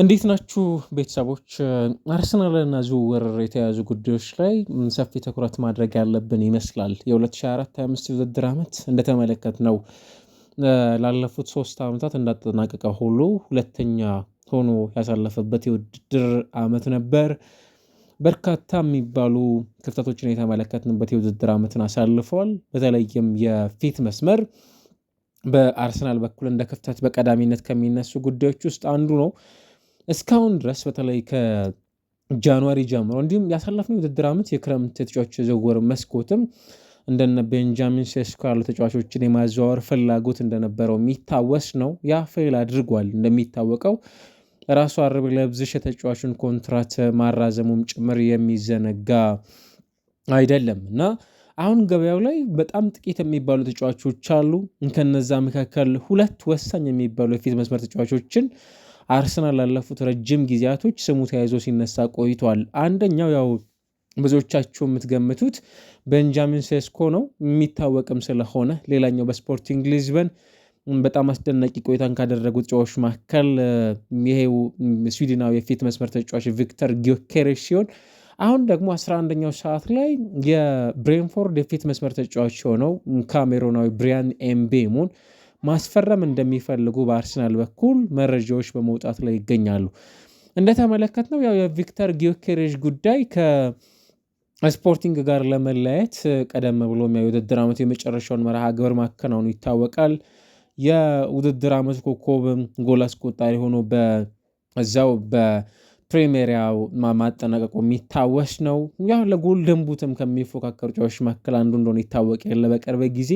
እንዴት ናችሁ ቤተሰቦች? አርሰናልና ዝውውር የተያዙ ጉዳዮች ላይ ሰፊ ትኩረት ማድረግ ያለብን ይመስላል። የ2024/25 ውድድር ዓመት እንደተመለከት ነው ላለፉት ሶስት ዓመታት እንዳጠናቀቀ ሁሉ ሁለተኛ ሆኖ ያሳለፈበት የውድድር ዓመት ነበር። በርካታ የሚባሉ ክፍተቶችን የተመለከትንበት የውድድር ዓመትን አሳልፈዋል። በተለይም የፊት መስመር በአርሰናል በኩል እንደ ክፍተት በቀዳሚነት ከሚነሱ ጉዳዮች ውስጥ አንዱ ነው። እስካሁን ድረስ በተለይ ከጃንዋሪ ጀምሮ እንዲሁም ያሳለፍነው የውድድር ዓመት የክረምት ተጫዋች የዝውውር መስኮትም እንደነ ቤንጃሚን ሴስኮ ያሉ ተጫዋቾችን የማዘዋወር ፍላጎት እንደነበረው የሚታወስ ነው። ያ ፌል አድርጓል። እንደሚታወቀው ራሱ አርብ ለብዝሽ የተጫዋቹን ኮንትራት ማራዘሙም ጭምር የሚዘነጋ አይደለም እና አሁን ገበያው ላይ በጣም ጥቂት የሚባሉ ተጫዋቾች አሉ። ከነዛ መካከል ሁለት ወሳኝ የሚባሉ የፊት መስመር ተጫዋቾችን አርሰናል ላለፉት ረጅም ጊዜያቶች ስሙ ተያይዞ ሲነሳ ቆይቷል። አንደኛው ያው ብዙዎቻችሁ የምትገምቱት ቤንጃሚን ሴስኮ ነው፣ የሚታወቅም ስለሆነ ሌላኛው በስፖርቲንግ ሊዝበን በጣም አስደናቂ ቆይታን ካደረጉት ተጫዋቾች መካከል ይሄው ስዊድናዊ የፊት መስመር ተጫዋች ቪክተር ጊዮኬሬሽ ሲሆን አሁን ደግሞ 11ኛው ሰዓት ላይ የብሬንፎርድ የፊት መስመር ተጫዋች የሆነው ካሜሮናዊ ብሪያን ኤምቤሞን ማስፈረም እንደሚፈልጉ በአርሰናል በኩል መረጃዎች በመውጣት ላይ ይገኛሉ። እንደተመለከትነው ያው የቪክተር ጊዮኬሬዥ ጉዳይ ከስፖርቲንግ ጋር ለመለያየት ቀደም ብሎ የውድድር ዓመቱ የመጨረሻውን መርሃ ግብር ማከናወኑ ይታወቃል። የውድድር ዓመት ኮከብ ጎል አስቆጣሪ ሆኖ በዛው በፕሪሜሪያው ማጠናቀቁ የሚታወስ ነው። ያው ለጎልደን ቡትም ከሚፎካከሩ ጨዋቾች መካከል አንዱ እንደሆነ ይታወቅ የለ በቅርብ ጊዜ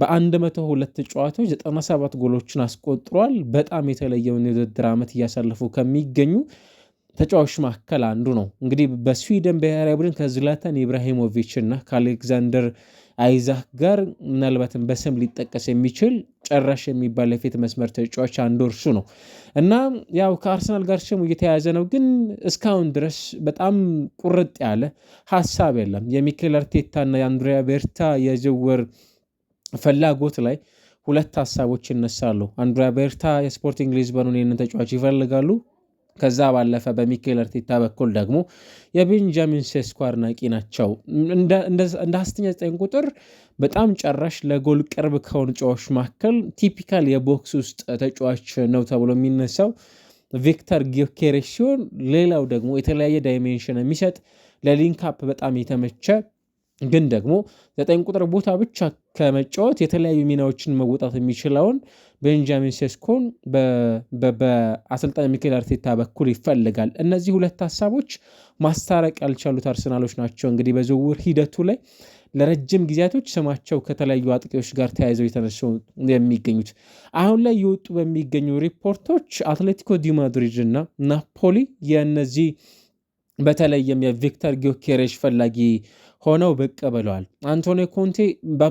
በ102 ጨዋታዎች 97 ጎሎችን አስቆጥሯል። በጣም የተለየውን የውድድር ዓመት እያሳለፉ ከሚገኙ ተጫዋቾች መካከል አንዱ ነው። እንግዲህ በስዊድን ብሔራዊ ቡድን ከዝላተን ኢብራሂሞቪች እና ከአሌክዛንደር አይዛክ ጋር ምናልባትም በስም ሊጠቀስ የሚችል ጨራሽ የሚባል የፊት መስመር ተጫዋች አንዱ እርሱ ነው እና ያው ከአርሰናል ጋር ስሙ እየተያያዘ ነው። ግን እስካሁን ድረስ በጣም ቁርጥ ያለ ሀሳብ የለም። የሚኬል አርቴታና የአንድሪያ ቤርታ የዝውውር ፈላጎት ላይ ሁለት ሀሳቦች ይነሳሉ። አንድሪያ ቤርታ የስፖርቲንግ ሊዝበኑን ይህንን ተጫዋች ይፈልጋሉ። ከዛ ባለፈ በሚኬል አርቴታ በኩል ደግሞ የቤንጃሚን ሴስኮ አድናቂ ናቸው። እንደ ሀስተኛ ዘጠኝ ቁጥር በጣም ጨራሽ ለጎል ቅርብ ከሆኑ ጨዋቾች መካከል ቲፒካል የቦክስ ውስጥ ተጫዋች ነው ተብሎ የሚነሳው ቪክተር ጊዮኬሬሽ ሲሆን ሌላው ደግሞ የተለያየ ዳይሜንሽን የሚሰጥ ለሊንክ አፕ በጣም የተመቸ ግን ደግሞ ዘጠኝ ቁጥር ቦታ ብቻ ከመጫወት የተለያዩ ሚናዎችን መወጣት የሚችለውን ቤንጃሚን ሴስኮን በአሰልጣኝ ሚኬል አርቴታ በኩል ይፈልጋል። እነዚህ ሁለት ሀሳቦች ማስታረቅ ያልቻሉት አርሰናሎች ናቸው። እንግዲህ በዝውውር ሂደቱ ላይ ለረጅም ጊዜያቶች ስማቸው ከተለያዩ አጥቂዎች ጋር ተያይዘው የተነሱ የሚገኙት አሁን ላይ የወጡ በሚገኙ ሪፖርቶች አትሌቲኮ ዲ ማድሪድ እና ናፖሊ የእነዚህ በተለይም የቪክተር ጊዮኬሬሽ ፈላጊ ሆነው ብቅ ብለዋል። አንቶኒ ኮንቴ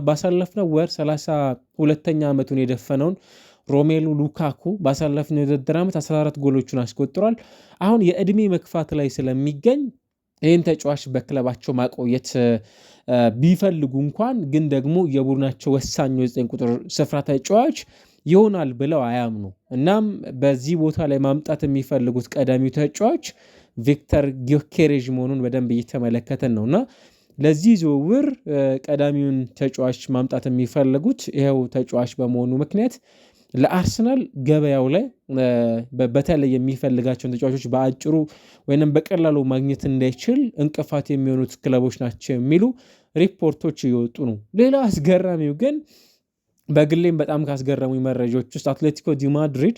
ባሳለፍነው ወር 32ኛ ዓመቱን የደፈነውን ሮሜሉ ሉካኩ ባሳለፍነው የውድድር ዓመት 14 ጎሎቹን አስቆጥሯል። አሁን የዕድሜ መክፋት ላይ ስለሚገኝ ይህን ተጫዋች በክለባቸው ማቆየት ቢፈልጉ እንኳን ግን ደግሞ የቡድናቸው ወሳኝ ዘጠኝ ቁጥር ስፍራ ተጫዋች ይሆናል ብለው አያምኑ። እናም በዚህ ቦታ ላይ ማምጣት የሚፈልጉት ቀዳሚው ተጫዋች ቪክተር ጊዮኬሬዥ መሆኑን በደንብ እየተመለከተን ነውና ለዚህ ዝውውር ቀዳሚውን ተጫዋች ማምጣት የሚፈልጉት ይኸው ተጫዋች በመሆኑ ምክንያት ለአርሰናል ገበያው ላይ በተለይ የሚፈልጋቸውን ተጫዋቾች በአጭሩ ወይም በቀላሉ ማግኘት እንዳይችል እንቅፋት የሚሆኑት ክለቦች ናቸው የሚሉ ሪፖርቶች እየወጡ ነው። ሌላ አስገራሚው ግን በግሌም በጣም ካስገረሙ መረጃዎች ውስጥ አትሌቲኮ ዲ ማድሪድ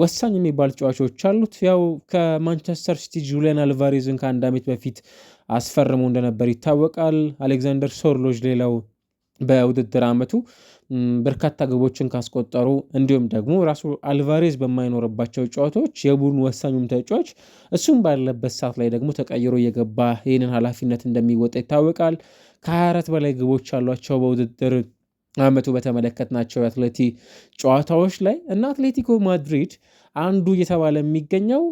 ወሳኝ የሚባሉ ተጫዋቾች አሉት። ያው ከማንቸስተር ሲቲ ጁሊያን አልቫሬዝን ከአንድ ዓመት በፊት አስፈርሞ እንደነበር ይታወቃል። አሌክዛንደር ሶርሎጅ ሌላው በውድድር ዓመቱ በርካታ ግቦችን ካስቆጠሩ እንዲሁም ደግሞ ራሱ አልቫሬዝ በማይኖርባቸው ጨዋታዎች የቡድን ወሳኙም ተጫዋች እሱም ባለበት ሰዓት ላይ ደግሞ ተቀይሮ እየገባ ይህንን ኃላፊነት እንደሚወጣ ይታወቃል። ከ24 በላይ ግቦች ያሏቸው በውድድር አመቱ በተመለከትናቸው የአትሌቲ ጨዋታዎች ላይ እና አትሌቲኮ ማድሪድ አንዱ እየተባለ የሚገኘው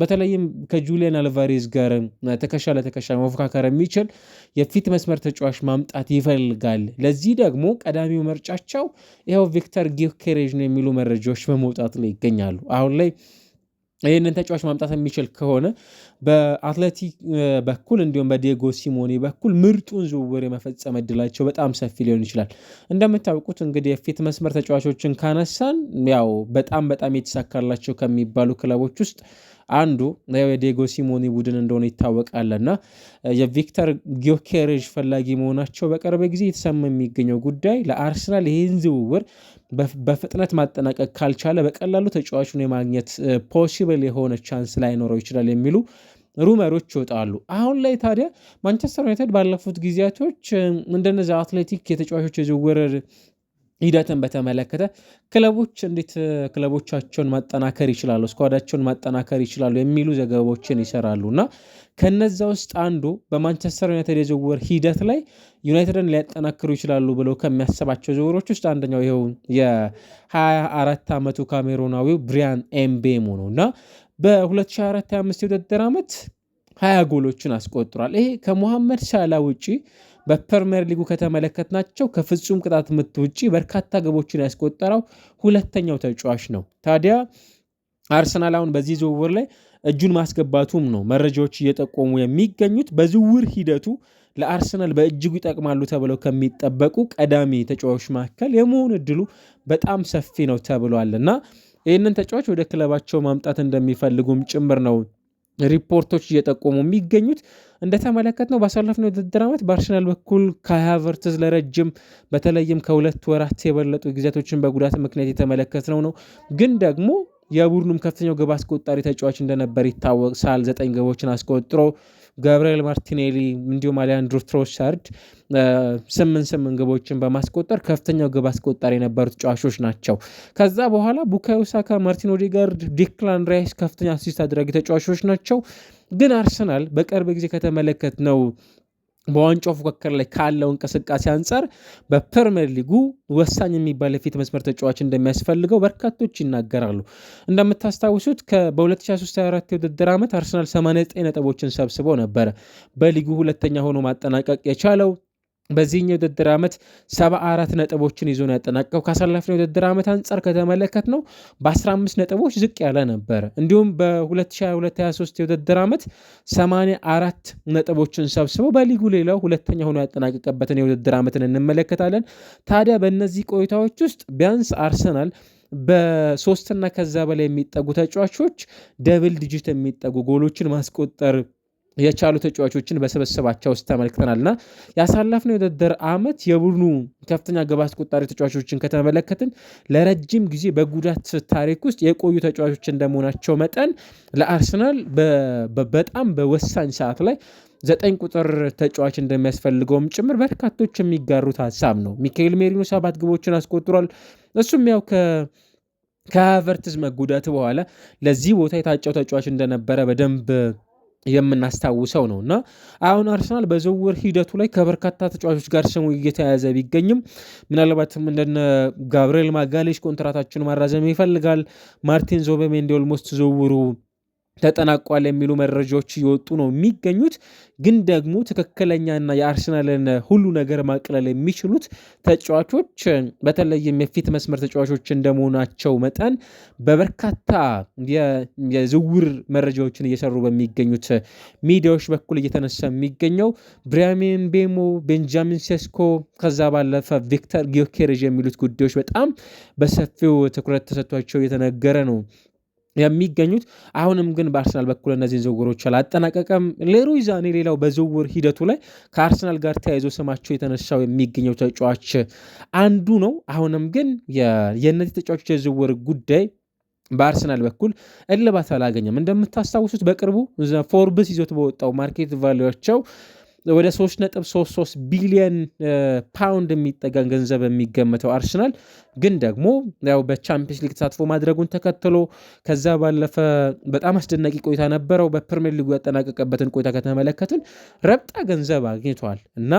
በተለይም ከጁሊያን አልቫሬዝ ጋር ትከሻ ለትከሻ መፎካከር የሚችል የፊት መስመር ተጫዋች ማምጣት ይፈልጋል። ለዚህ ደግሞ ቀዳሚው መርጫቸው ይኸው ቪክተር ጊኬሬዥ ነው የሚሉ መረጃዎች በመውጣት ላይ ይገኛሉ አሁን ላይ ይህንን ተጫዋች ማምጣት የሚችል ከሆነ በአትሌቲክ በኩል እንዲሁም በዲየጎ ሲሞኔ በኩል ምርጡን ዝውውር የመፈጸም እድላቸው በጣም ሰፊ ሊሆን ይችላል። እንደምታውቁት እንግዲህ የፊት መስመር ተጫዋቾችን ካነሳን ያው በጣም በጣም የተሳካላቸው ከሚባሉ ክለቦች ውስጥ አንዱ የዲየጎ ሲሞኒ ቡድን እንደሆነ ይታወቃልና የቪክተር ጊዮኬሬዥ ፈላጊ መሆናቸው በቅርብ ጊዜ የተሰማ የሚገኘው ጉዳይ ለአርሰናል ይህን ዝውውር በፍጥነት ማጠናቀቅ ካልቻለ በቀላሉ ተጫዋቹን የማግኘት ፖሲብል የሆነ ቻንስ ላይኖረው ይችላል የሚሉ ሩመሮች ይወጣሉ። አሁን ላይ ታዲያ ማንቸስተር ዩናይትድ ባለፉት ጊዜያቶች እንደነዚ አትሌቲክ የተጫዋቾች የዝውውር ሂደትን በተመለከተ ክለቦች እንዴት ክለቦቻቸውን ማጠናከር ይችላሉ፣ ስኳዳቸውን ማጠናከር ይችላሉ የሚሉ ዘገባዎችን ይሰራሉ እና ከነዚ ውስጥ አንዱ በማንቸስተር ዩናይትድ የዝውውር ሂደት ላይ ዩናይትድን ሊያጠናክሩ ይችላሉ ብለው ከሚያስባቸው ዝውውሮች ውስጥ አንደኛው ይኸው የ24 ዓመቱ ካሜሮናዊው ብሪያን ኤምቤሞ ነው እና በ2024/25 የውድድር ዓመት 20 ጎሎችን አስቆጥሯል። ይሄ ከሞሐመድ ሳላ ውጪ በፕሪምየር ሊጉ ከተመለከትናቸው ከፍጹም ቅጣት ምት ውጪ በርካታ ግቦችን ያስቆጠረው ሁለተኛው ተጫዋች ነው። ታዲያ አርሰናል አሁን በዚህ ዝውውር ላይ እጁን ማስገባቱም ነው መረጃዎች እየጠቆሙ የሚገኙት። በዝውውር ሂደቱ ለአርሰናል በእጅጉ ይጠቅማሉ ተብለው ከሚጠበቁ ቀዳሚ ተጫዋቾች መካከል የመሆን እድሉ በጣም ሰፊ ነው ተብሏል እና ይህንን ተጫዋች ወደ ክለባቸው ማምጣት እንደሚፈልጉም ጭምር ነው ሪፖርቶች እየጠቆሙ የሚገኙት እንደተመለከትነው ባሳለፍነው የውድድር ዓመት በአርሰናል በኩል ካይ ሃቨርትዝ ለረጅም በተለይም ከሁለት ወራት የበለጡ ጊዜያቶችን በጉዳት ምክንያት የተመለከትነው ነው። ግን ደግሞ የቡድኑም ከፍተኛው ግብ አስቆጣሪ ተጫዋች እንደነበር ይታወሳል። ዘጠኝ ግቦችን አስቆጥሮ ጋብርኤል ማርቲኔሊ እንዲሁም አሊያንድሮ ትሮሻርድ ስምንት ስምንት ግቦችን በማስቆጠር ከፍተኛው ግብ አስቆጠር የነበሩ ተጫዋቾች ናቸው። ከዛ በኋላ ቡካዮ ሳካ፣ ማርቲን ኦዴጋርድ፣ ዲክላን ራይስ ከፍተኛ አሲስት አድራጊ ተጫዋቾች ናቸው። ግን አርሰናል በቅርብ ጊዜ ከተመለከትነው በዋንጫው ፉክክር ላይ ካለው እንቅስቃሴ አንጻር በፕሪምየር ሊጉ ወሳኝ የሚባል የፊት መስመር ተጫዋች እንደሚያስፈልገው በርካቶች ይናገራሉ። እንደምታስታውሱት በ2023/24 የውድድር ዓመት አርሰናል 89 ነጥቦችን ሰብስቦ ነበረ በሊጉ ሁለተኛ ሆኖ ማጠናቀቅ የቻለው በዚህኛው የውድድር ዓመት 74 ነጥቦችን ይዞ ነው ያጠናቀቀው። ካሳለፍነው የውድድር ዓመት አንጻር ከተመለከት ነው በ15 ነጥቦች ዝቅ ያለ ነበር። እንዲሁም በ2022/23 የውድድር ዓመት 84 ነጥቦችን ሰብስበው በሊጉ ሌላው ሁለተኛ ሆኖ ያጠናቀቀበትን የውድድር ዓመትን እንመለከታለን። ታዲያ በእነዚህ ቆይታዎች ውስጥ ቢያንስ አርሰናል በሶስትና ከዛ በላይ የሚጠጉ ተጫዋቾች ደብል ዲጂት የሚጠጉ ጎሎችን ማስቆጠር የቻሉ ተጫዋቾችን በሰበሰባቸው ውስጥ ተመልክተናልና ያሳለፍነው የውድድር ዓመት የቡድኑ ከፍተኛ ግብ አስቆጣሪ ተጫዋቾችን ከተመለከትን ለረጅም ጊዜ በጉዳት ታሪክ ውስጥ የቆዩ ተጫዋቾች እንደመሆናቸው መጠን ለአርሰናል በጣም በወሳኝ ሰዓት ላይ ዘጠኝ ቁጥር ተጫዋች እንደሚያስፈልገውም ጭምር በርካቶች የሚጋሩት ሀሳብ ነው። ሚካኤል ሜሪኖ ሰባት ግቦችን አስቆጥሯል። እሱም ያው ከ ከሀቨርትዝ መጎዳት በኋላ ለዚህ ቦታ የታጨው ተጫዋች እንደነበረ በደንብ የምናስታውሰው ነው እና አሁን አርሰናል በዝውውር ሂደቱ ላይ ከበርካታ ተጫዋቾች ጋር ስሙ እየተያያዘ ቢገኝም ምናልባትም እንደነ ጋብርኤል ማጋሌሽ ኮንትራታችን ማራዘም ይፈልጋል። ማርቲን ዙቢሜንዲ ኦልሞስት ዝውውሩ ተጠናቋል የሚሉ መረጃዎች እየወጡ ነው የሚገኙት። ግን ደግሞ ትክክለኛና የአርሰናልን ሁሉ ነገር ማቅለል የሚችሉት ተጫዋቾች በተለይም የፊት መስመር ተጫዋቾች እንደመሆናቸው መጠን በበርካታ የዝውውር መረጃዎችን እየሰሩ በሚገኙት ሚዲያዎች በኩል እየተነሳ የሚገኘው ብሪያሜን ቤሞ፣ ቤንጃሚን ሴስኮ ከዛ ባለፈ ቪክተር ጊዮኬሬዥ የሚሉት ጉዳዮች በጣም በሰፊው ትኩረት ተሰጥቷቸው እየተነገረ ነው የሚገኙት። አሁንም ግን በአርሰናል በኩል እነዚህን ዝውውሮች አላጠናቀቀም። ሌሮይ ዛኔ ሌላው በዝውውር ሂደቱ ላይ ከአርሰናል ጋር ተያይዞ ስማቸው የተነሳው የሚገኘው ተጫዋች አንዱ ነው። አሁንም ግን የእነዚህ ተጫዋቾች የዝውውር ጉዳይ በአርሰናል በኩል እልባት አላገኘም። እንደምታስታውሱት በቅርቡ ፎርብስ ይዞት በወጣው ማርኬት ቫሊያቸው ወደ 3.33 ቢሊዮን ፓውንድ የሚጠጋን ገንዘብ የሚገመተው አርሰናል ግን ደግሞ ያው በቻምፒየንስ ሊግ ተሳትፎ ማድረጉን ተከትሎ ከዛ ባለፈ በጣም አስደናቂ ቆይታ ነበረው። በፕሪሚየር ሊጉ ያጠናቀቀበትን ቆይታ ከተመለከትን ረብጣ ገንዘብ አግኝቷል እና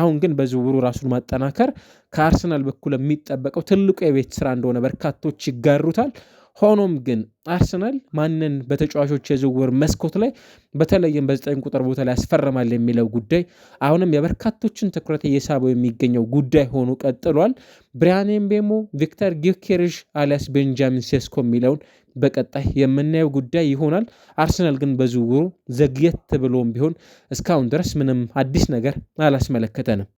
አሁን ግን በዝውውሩ ራሱን ማጠናከር ከአርሰናል በኩል የሚጠበቀው ትልቁ የቤት ስራ እንደሆነ በርካቶች ይጋሩታል። ሆኖም ግን አርሰናል ማንን በተጫዋቾች የዝውውር መስኮት ላይ በተለይም በዘጠኝ ቁጥር ቦታ ላይ ያስፈርማል የሚለው ጉዳይ አሁንም የበርካቶችን ትኩረት እየሳበው የሚገኘው ጉዳይ ሆኖ ቀጥሏል። ብሪያን ምቤሞ፣ ቪክተር ጊዮኬሪሽ አሊያስ ቤንጃሚን ሴስኮ የሚለውን በቀጣይ የምናየው ጉዳይ ይሆናል። አርሰናል ግን በዝውውሩ ዘግየት ብሎም ቢሆን እስካሁን ድረስ ምንም አዲስ ነገር አላስመለከተንም።